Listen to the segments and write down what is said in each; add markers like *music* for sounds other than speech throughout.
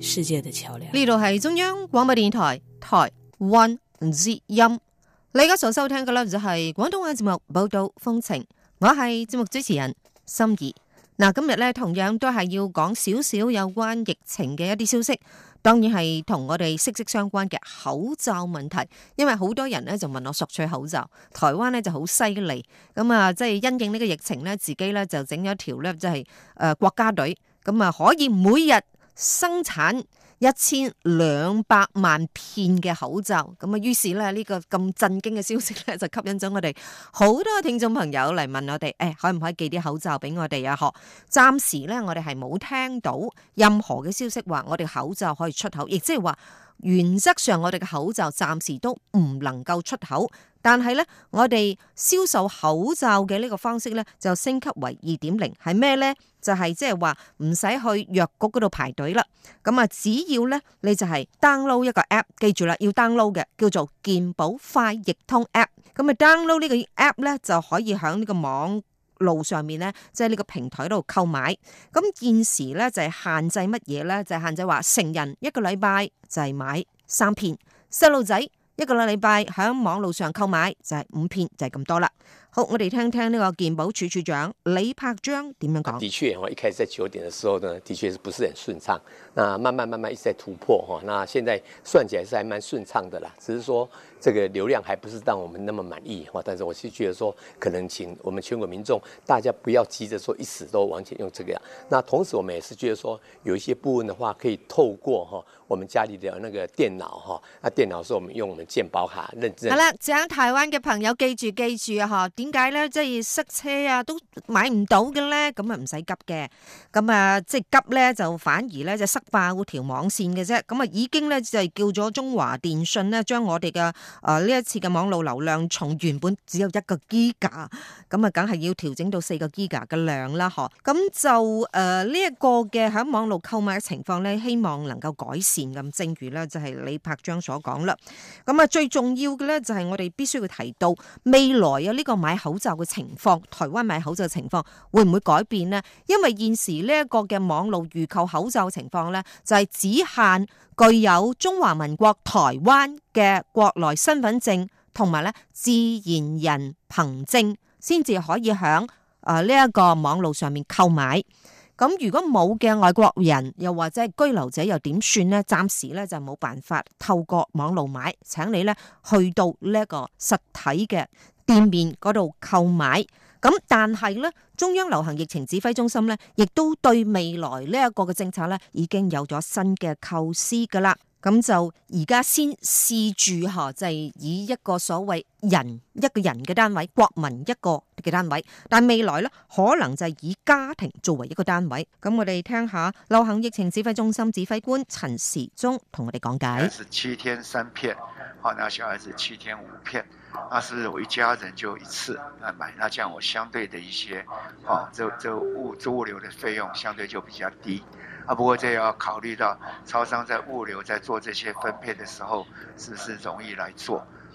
世界的橋梁。呢度係中央廣播電台台灣之音，你而家所收聽嘅呢，就係廣東話節目《報道風情》，我係節目主持人心儀。嗱，今日呢，同樣都係要講少少有關疫情嘅一啲消息，當然係同我哋息息相關嘅口罩問題，因為好多人呢就問我索取口罩。台灣呢就好犀利，咁啊，即係因應呢個疫情呢，自己呢就整咗條呢，即係誒國家隊，咁啊可以每日。生產一千兩百萬片嘅口罩，咁啊，於是咧，呢個咁震驚嘅消息咧，就吸引咗我哋好多聽眾朋友嚟問我哋，誒、哎，可唔可以寄啲口罩俾我哋啊？嗬暫時咧，我哋係冇聽到任何嘅消息話我哋口罩可以出口，亦即係話，原則上我哋嘅口罩暫時都唔能夠出口。但係咧，我哋銷售口罩嘅呢個方式咧，就升級為二點零，係咩咧？就係即係話唔使去藥局嗰度排隊啦，咁啊，只要咧你就係 download 一個 app，記住啦，要 download 嘅叫做健保快易通 app，咁啊 download 呢個 app 咧，就可以喺呢個網路上面咧，即係呢個平台度購買，咁現時咧，就係限制乜嘢咧就係、是、限制話成人一個禮拜就係買三片，細路仔。一個禮拜喺網路上購買就係五片，就係咁多啦。好，我哋聽聽呢個健保署署長李柏章點樣講。的確，我一開始在九點的時候呢，的確是不是很順暢。那慢慢慢慢一直在突破，那現在算起來是還蠻順暢的啦，只是說。這個流量還不是讓我們那麼滿意，但是我是覺得說，可能請我們全國民眾大家不要急着說一時都完全用這個樣。那同時我們也是覺得說，有一些部分的話可以透過哈，我們家裡的那個電腦，哈，那電腦是我們用我們健保卡認證。好了，講台灣的朋友記住記住，哈，點解咧即係塞車啊都買唔到嘅咧？咁啊唔使急嘅，咁啊即係急咧就反而咧就塞爆條網綫嘅啫。咁啊已經咧就係叫咗中華電信咧將我哋嘅。啊！呢一次嘅網絡流量從原本只有一個 Giga，咁啊，梗係要調整到四個 Giga 嘅量啦，嗬。咁就誒呢一個嘅喺網絡購買嘅情況咧，希望能夠改善咁。正如咧，就係李柏章所講啦。咁啊，最重要嘅咧就係我哋必須會提到未來有呢個買口罩嘅情況，台灣買口罩嘅情況會唔會改變呢？因為現時呢一個嘅網絡預購口罩情況咧，就係、是、只限。具有中華民國台灣嘅國內身份證同埋咧自然人憑證，先至可以響誒呢一個網路上面購買。咁如果冇嘅外國人，又或者係居留者，又點算呢？暫時咧就冇辦法透過網路買，請你咧去到呢一個實體嘅店面嗰度購買。咁但係咧，中央流行疫情指揮中心咧，亦都對未來呢一個嘅政策咧，已經有咗新嘅構思噶啦。咁就而家先試住下，就係、是、以一個所謂人一個人嘅單位，國民一個嘅單位，但未來呢，可能就係以家庭作為一個單位。咁我哋聽下流行疫情指揮中心指揮官陳時中同我哋講解。七天三片，哦，那小孩子七天五片，那是，是我一家人就一次嚟買，那這樣我相對的一些，哦，這這物這物流的費用相對就比較低。啊，不過這要考慮到超商在物流在做這些分配的時候，是不是容易來做？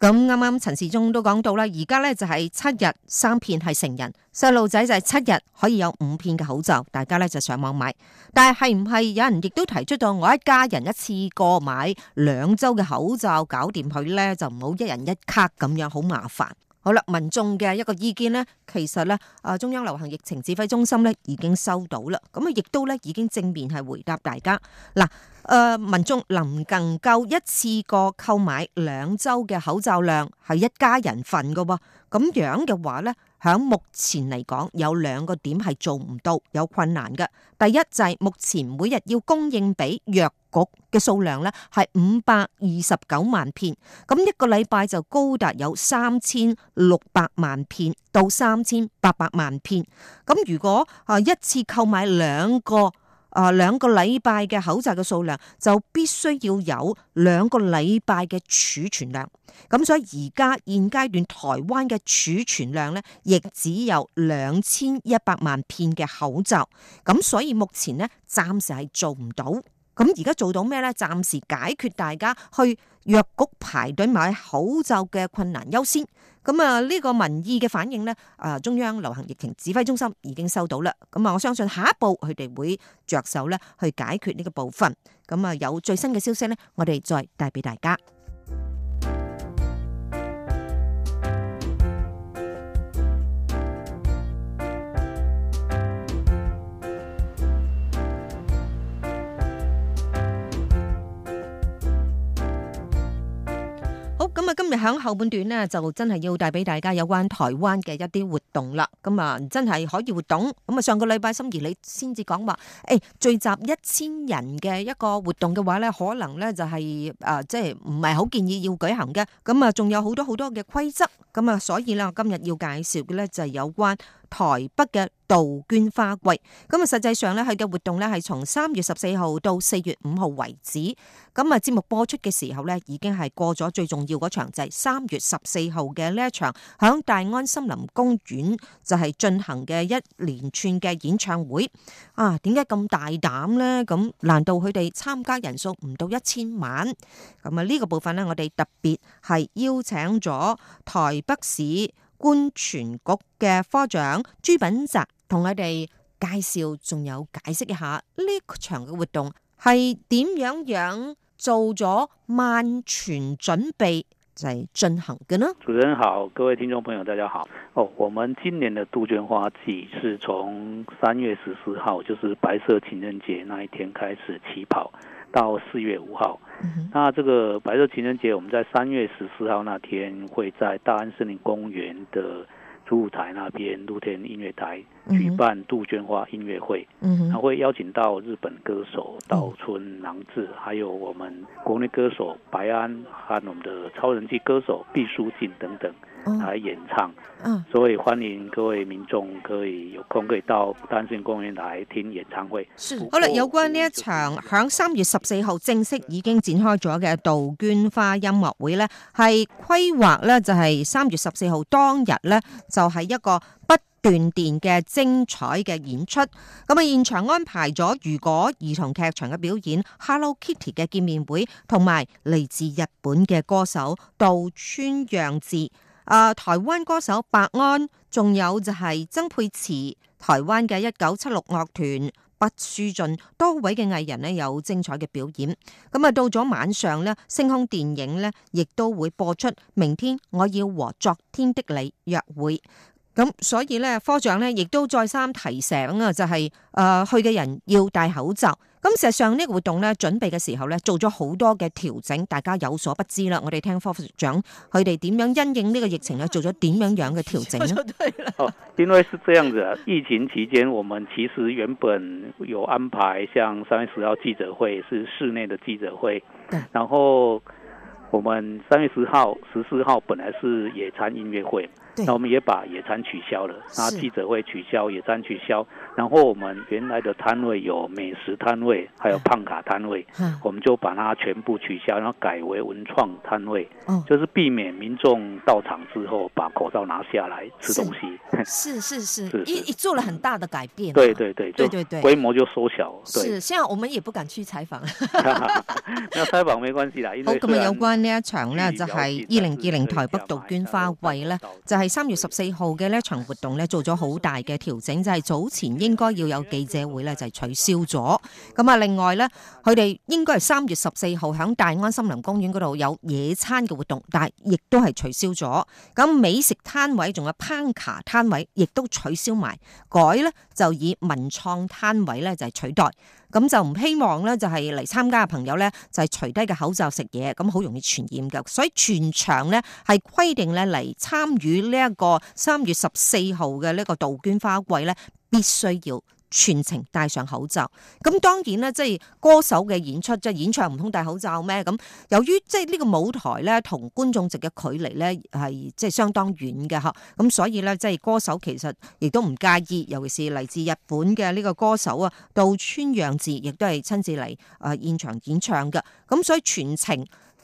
咁啱啱陳時中都講到啦，而家咧就係七日三片係成人，細路仔就係七日可以有五片嘅口罩，大家咧就上網買。但係係唔係有人亦都提出到我一家人一次過買兩周嘅口罩搞掂佢咧，就唔好一人一卡咁樣好麻煩。好啦，民眾嘅一個意見咧，其實咧，啊中央流行疫情指揮中心咧已經收到啦，咁啊亦都咧已經正面係回答大家。嗱，誒民眾能唔能夠一次過購買兩週嘅口罩量係一家人份㗎喎，咁樣嘅話咧。喺目前嚟講，有兩個點係做唔到，有困難嘅。第一就係目前每日要供應俾藥局嘅數量呢係五百二十九萬片，咁一個禮拜就高達有三千六百萬片到三千八百萬片。咁如果啊一次購買兩個。啊，兩個禮拜嘅口罩嘅數量就必須要有兩個禮拜嘅儲存量，咁所以而家現階段台灣嘅儲存量咧，亦只有兩千一百萬片嘅口罩，咁所以目前咧暫時係做唔到。咁而家做到咩咧？暫時解決大家去藥局排隊買口罩嘅困難優先。咁啊，呢個民意嘅反應咧，啊中央流行疫情指揮中心已經收到啦。咁啊，我相信下一步佢哋會着手咧去解決呢個部分。咁啊，有最新嘅消息咧，我哋再帶俾大家。今日響後半段咧，就真係要帶俾大家有關台灣嘅一啲活動啦。咁啊，真係可以活動。咁啊，上個禮拜心儀你先至講話，誒、哎，聚集一千人嘅一個活動嘅話咧，可能咧就係、是、誒，即係唔係好建議要舉行嘅。咁啊，仲有好多好多嘅規則。咁啊，所以咧，我今日要介紹嘅咧就係有關。台北嘅杜鵑花季，咁啊，實際上咧，佢嘅活動咧係從三月十四號到四月五號為止。咁啊，節目播出嘅時候咧，已經係過咗最重要嗰場，就係三月十四號嘅呢一場響大安森林公園就係進行嘅一連串嘅演唱會啊，點解咁大膽咧？咁難道佢哋參加人數唔到一千萬？咁啊，呢、這個部分咧，我哋特別係邀請咗台北市。觀傳局嘅科長朱品澤同我哋介紹，仲有解釋一下呢場嘅活動係點樣樣做咗萬全準備就係進行嘅呢？主持人好，各位聽眾朋友大家好。哦，我們今年嘅杜鵑花季是從三月十四號，就是白色情人節那一天開始起跑。到四月五號，嗯哼，那這個白色情人節，我們在三月十四號那天會在大安森林公園的主舞台那邊露天音樂台舉辦杜鵑花音樂會，嗯，還會邀請到日本歌手稻村壤治，還有我們國內歌手白安和我們的超人氣歌手畢書盡等等。來演唱，所以歡迎各位民眾可以有空可以到丹心公園來聽演唱會。是好啦，有關呢一場響三月十四號正式已經展開咗嘅杜鵑花音樂會呢係規劃呢就係三月十四號當日呢就係一個不斷電嘅精彩嘅演出。咁啊，現場安排咗如果兒童劇場嘅表演 Hello Kitty 嘅見面會，同埋嚟自日本嘅歌手稻村壤治。啊、呃，台灣歌手白安，仲有就係曾沛慈，台灣嘅一九七六樂團，畢書盡，多位嘅藝人咧有精彩嘅表演。咁啊，到咗晚上咧，星空電影咧亦都會播出《明天我要和昨天的你約會》。咁所以咧，科長咧亦都再三提醒啊，就係、是、誒去嘅人要戴口罩。咁事實上呢個活動咧，準備嘅時候咧，做咗好多嘅調整，大家有所不知啦。我哋聽科長佢哋點樣因應呢個疫情咧，做咗點樣樣嘅調整咧？哦，因為是這樣子， *laughs* 疫情期間，我們其實原本有安排，像三月十號記者會是室內的記者會， *laughs* 然後我們三月十號、十四號本來是野餐音樂會。那我們也把野餐取消了，那記者會取消，野餐取消，然後我們原來的攤位有美食攤位，還有胖卡攤位，嗯，我們就把它全部取消，然後改為文創攤位，哦，就是避免民眾到場之後把口罩拿下來吃東西，是是是，一一 *laughs* 做了很大的改變，對對對，對對對，規模就縮小，對，是現在我們也不敢去採訪， *laughs* *laughs* 那採訪沒關係啦，好，咁、哦、啊，有關呢一場咧就係二零二零台北杜鵑花季咧，就係、是。三月十四號嘅呢一場活動咧，做咗好大嘅調整，就係早前應該要有記者會咧，就係取消咗。咁啊，另外咧，佢哋應該係三月十四號喺大安森林公園嗰度有野餐嘅活動，但係亦都係取消咗。咁美食攤位仲有烹茶攤位，亦都取消埋，改咧就以文創攤位咧就係取代。咁就唔希望咧，就係嚟參加嘅朋友咧，就係除低個口罩食嘢，咁好容易傳染㗎。所以全場咧係規定咧嚟參與呢一個三月十四號嘅呢個杜鵑花季咧，必須要。全程戴上口罩，咁當然啦，即係歌手嘅演出，即係演唱唔通戴口罩咩？咁由於即係呢個舞台咧，同觀眾席嘅距離咧係即係相當遠嘅呵，咁所以咧即係歌手其實亦都唔介意，尤其是嚟自日本嘅呢個歌手啊，稻村壤治亦都係親自嚟啊現場演唱嘅，咁所以全程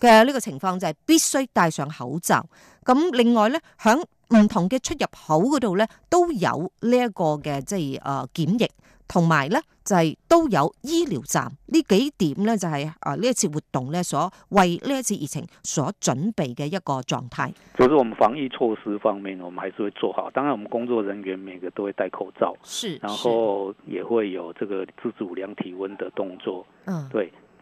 嘅呢個情況就係必須戴上口罩。咁另外咧，響。唔同嘅出入口嗰度咧，都有呢一個嘅即係誒檢疫，同埋咧就係都有醫療站。呢幾點咧就係誒呢一次活動咧所為呢一次疫情所準備嘅一個狀態。就是我們防疫措施方面，我們還是會做好。當然，我們工作人員每個都會戴口罩，是，是，然後也會有這個自主量體溫的動作。嗯，對。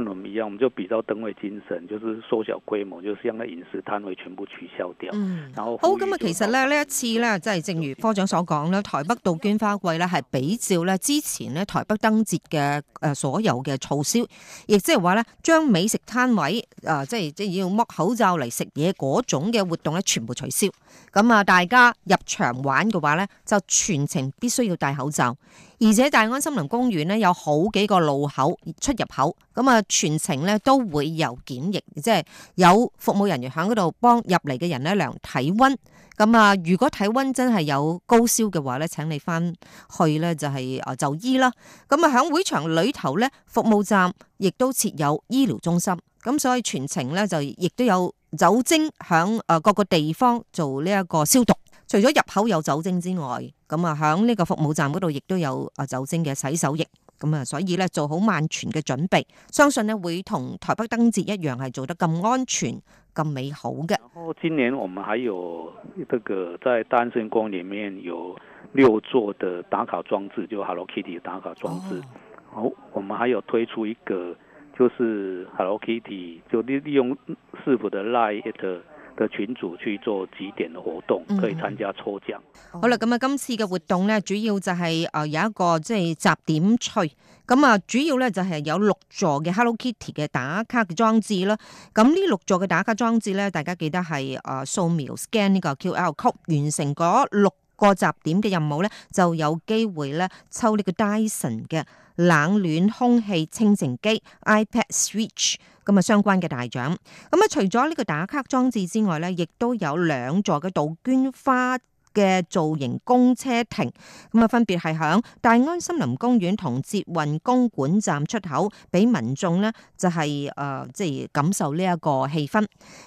我們一樣，我們就比較燈會精神，就是縮小規模，就是將個飲食攤位全部取消掉。嗯、好，咁啊，其實咧呢這一次呢，即係正如科長所講呢台北杜鵑花季呢係比照呢之前呢台北燈節嘅誒所有嘅促銷，亦即係話呢將美食攤位誒即係即係要剝口罩嚟食嘢嗰種嘅活動呢全部取消。咁啊，大家入場玩嘅話呢，就全程必須要戴口罩。而且大安森林公園咧有好幾個路口出入口，咁啊全程咧都會有檢疫，即係有服務人員響嗰度幫入嚟嘅人咧量體溫。咁啊，如果體溫真係有高燒嘅話咧，請你翻去咧就係就醫啦。咁啊，響會場裏頭咧，服務站亦都設有醫療中心。咁所以全程咧就亦都有酒精響誒各個地方做呢一個消毒。除咗入口有酒精之外，咁啊響呢個服務站嗰度亦都有啊酒精嘅洗手液，咁啊所以咧做好萬全嘅準備，相信咧會同台北燈節一樣係做得咁安全、咁美好嘅。哦，今年我們還有呢個在單身光裏面有六座的打卡裝置，就是 Hello Kitty 打卡裝置。哦，好，我們還有推出一個，就是 Hello Kitty 就利利用市府的 Line 一個。嘅群組去做幾點嘅活動，可以參加抽獎、嗯。好啦，咁啊，今次嘅活動咧，主要就係誒有一個即係集點趣，咁啊，主要咧就係有六座嘅 Hello Kitty 嘅打卡嘅裝置啦。咁呢六座嘅打卡裝置咧，大家記得係誒掃描 scan 呢個 Q L code，完成嗰六個集點嘅任務咧，就有機會咧抽呢個 Dyson 嘅。冷暖空氣清淨機、iPad Switch 咁啊，相關嘅大獎。咁啊，除咗呢個打卡裝置之外呢，亦都有兩座嘅杜鵑花嘅造型公車亭。咁啊，分別係響大安森林公園同捷運公館站出口，俾民眾呢就係、是、誒，即、呃、係感受呢一個氣氛。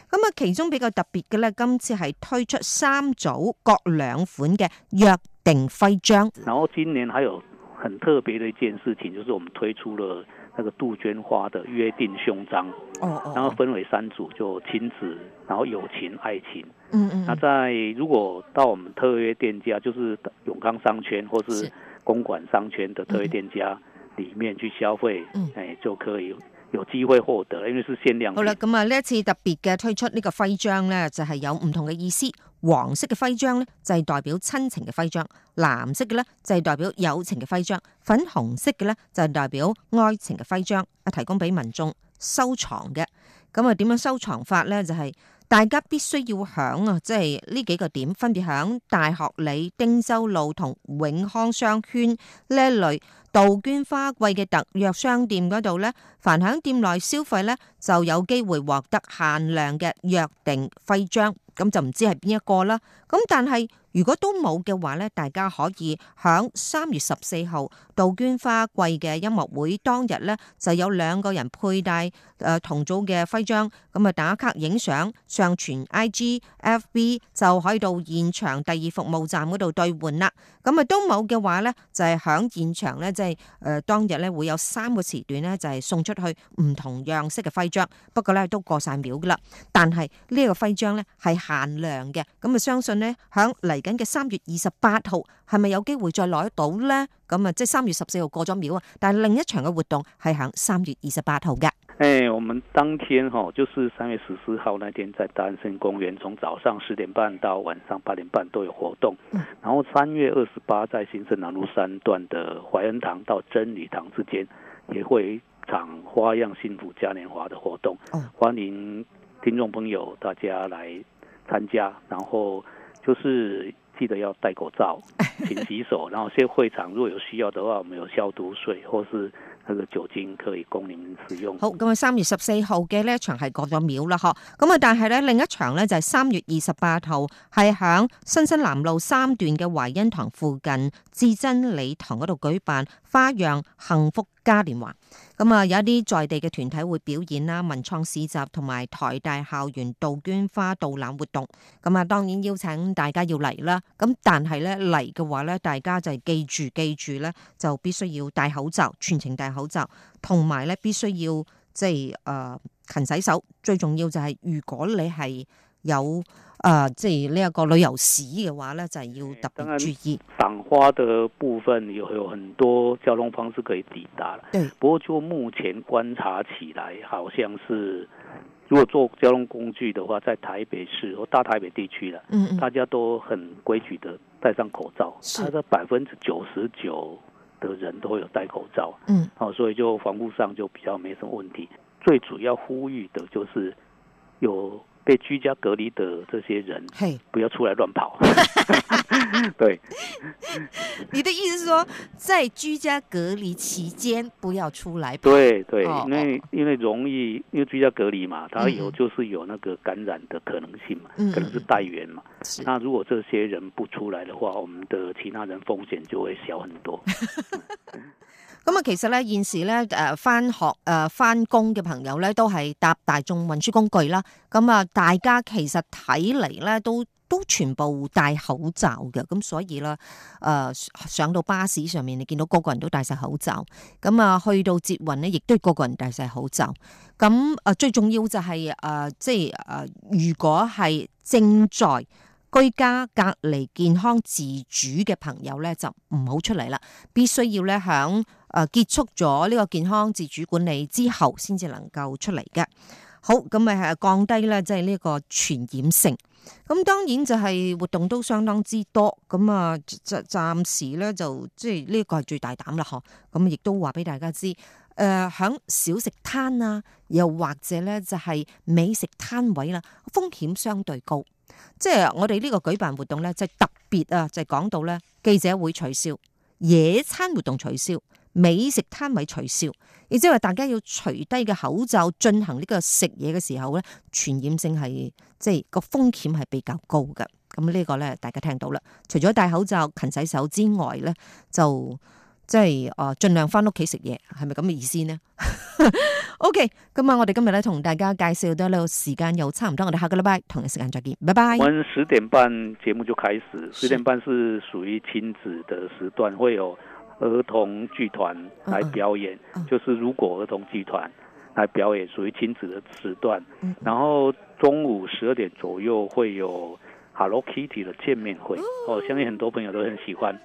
咁啊，其中比較特別嘅呢，今次係推出三組各兩款嘅約定徽章。嗱，我先念喺度。很特別的一件事情，就是我們推出了那個杜鵑花的約定胸章，哦然後分為三組，就親子，然後友情、愛情，嗯嗯，嗯，那在如果到我們特約店家，就是永康商圈或是公館商圈的特約店家裏面去消費，嗯，嗯，哎，欸，就可以。有機會獲得，因為是限量。好啦，咁啊呢一次特別嘅推出呢個徽章咧，就係有唔同嘅意思。黃色嘅徽章咧，就係代表親情嘅徽章；藍色嘅咧，就係代表友情嘅徽章；粉紅色嘅咧，就係代表愛情嘅徽章。啊，提供俾民眾收藏嘅。咁啊，點樣收藏法咧？就係大家必須要響啊，即係呢幾個點分別響大學里、汀洲路同永康商圈呢一類。杜鵑花季嘅特約商店嗰度咧，凡響店內消費咧，就有機會獲得限量嘅約定徽章，咁就唔知係邊一個啦。咁但係，如果都冇嘅話咧，大家可以響三月十四號杜鵑花季嘅音樂會當日咧，就有兩個人佩戴誒同組嘅徽章，咁啊打卡影相，上傳 I G、F B 就可以到現場第二服務站嗰度兌換啦。咁啊都冇嘅話咧，就係響現場咧，即係誒當日咧會有三個時段咧，就係送出去唔同樣式嘅徽章。不過咧都過晒秒噶啦，但係呢個徽章咧係限量嘅，咁啊相信咧響嚟嘅三月二十八號係咪有機會再攞到呢？咁啊，即係三月十四號過咗秒啊，但係另一場嘅活動係喺三月二十八號嘅。誒、欸，我們當天吓，就是三月十四號那天在，在大安森林公園，從早上十點半到晚上八點半都有活動。然後三月二十八，在新生南路三段的懷恩堂到真理堂之間，也會一場花漾幸福嘉年華的活動。嗯、歡迎聽眾朋友大家來參加，然後。都 *laughs* 是記得要戴口罩，勤洗手。然後，先會場如果有需要的話，我們有消毒水或是那個酒精可以供您使用。 *laughs* 好，咁啊，三月十四號嘅呢一場係過咗廟啦，嗬，咁啊，但係咧另一場咧就係三月二十八號，係響新生南路三段嘅懷恩堂附近至真理堂嗰度舉辦花漾幸福嘉年華咁啊，有一啲在地嘅團體會表演啦，文創市集同埋台大校園杜鵑花導覽活動。咁、嗯、啊，當然邀請大家要嚟啦。咁、嗯、但係咧嚟嘅話咧，大家就係記住記住咧，就必須要戴口罩，全程戴口罩，同埋咧必須要即係誒、呃、勤洗手。最重要就係、是、如果你係。有啊，即係呢一個旅遊史嘅話呢，就係、是、要特別注意。賞花的部分有有很多交通方式可以抵達了。對。不過就目前觀察起來，好像是如果做交通工具嘅話，在台北市和大台北地區，嗯，嗯，大家都很規矩的戴上口罩，它的百分之九十九的人都有戴口罩。嗯。啊、所以就防護上就比較沒什麼問題。最主要呼籲的，就是有。被居家隔離的這些人，不要出來亂跑。 *laughs* 對 *laughs* ，你的意思是說，在居家隔離期間不要出來跑。對對，因為因為容易，因為居家隔離嘛，他有就是有那個感染的可能性嘛，可能是帶源嘛。那如果這些人不出來的話，我們的其他人風險就會小很多。咁啊，其實呢，現時呢，誒，翻學誒，翻工嘅朋友呢，都係搭大眾運輸工具啦。咁啊。大家其實睇嚟咧，都都全部戴口罩嘅，咁所以咧，誒、呃、上到巴士上面，你見到個個人都戴晒口罩。咁啊，去到捷運咧，亦都個個人戴晒口罩。咁啊，最重要就係、是、誒、呃，即係誒、呃，如果係正在居家隔離健康自主嘅朋友咧，就唔好出嚟啦。必須要咧，響、呃、誒結束咗呢個健康自主管理之後，先至能夠出嚟嘅。好咁咪係降低咧，即係呢個傳染性。咁當然就係活動都相當之多。咁啊，暫暫時咧就即係呢個係最大膽啦，嗬。咁亦都話俾大家知，誒、呃，響小食攤啊，又或者咧就係美食攤位啦，風險相對高。即係我哋呢個舉辦活動咧，就特別啊，就講到咧記者會取消，野餐活動取消，美食攤位取消，亦即係話大家要除低嘅口罩進行呢個食嘢嘅時候咧，傳染性係即係個風險係比較高嘅。咁、這、呢個咧，大家聽到啦。除咗戴口罩、勤洗手之外咧，就即係、就是、啊，儘量翻屋企食嘢，係咪咁嘅意思呢 *laughs* ？OK，咁啊，我哋今日咧同大家介紹到呢個，時間又差唔多，我哋下個禮拜同一時間再見，拜拜。我十點半節目就開始，十點半是屬於親子的時段會有。兒童劇團來表演、嗯嗯，就是如果兒童劇團來表演屬於親子的時段，嗯、然後中午十二點左右會有 Hello Kitty 的見面會，我、嗯哦、相信很多朋友都很喜歡。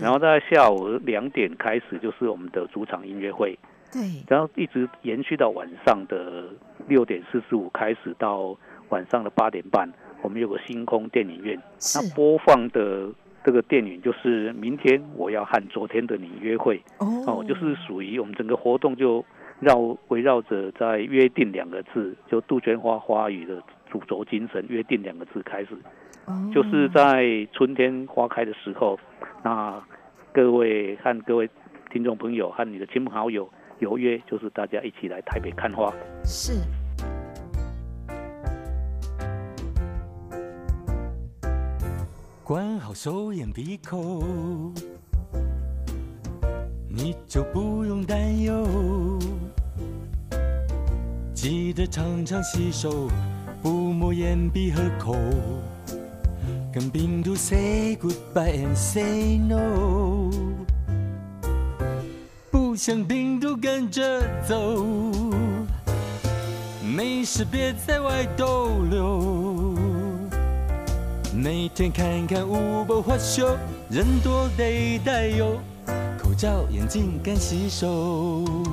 然後在下午兩點開始就是我們的主場音樂會，然後一直延續到晚上的六點四十五開始到晚上的八點半，我們有個星空電影院，那播放的。這個電影就是明天我要和昨天的你約會、oh. 哦，就是屬於我們整個活動就繞圍繞着在約定兩個字，就杜鵑花花語的主軸精神，約定兩個字開始，oh. 就是在春天花開的時候，那各位和各位聽眾朋友和你的親朋好友有約，就是大家一起來台北看花是。管好手眼鼻口，你就不用擔憂。記得常常洗手，不摸眼鼻和口。跟病毒 say goodbye and say no，不想病毒跟着走。沒事別在外逗留。每天看看五波花秀，人多得帶有，口罩、眼鏡、乾洗手。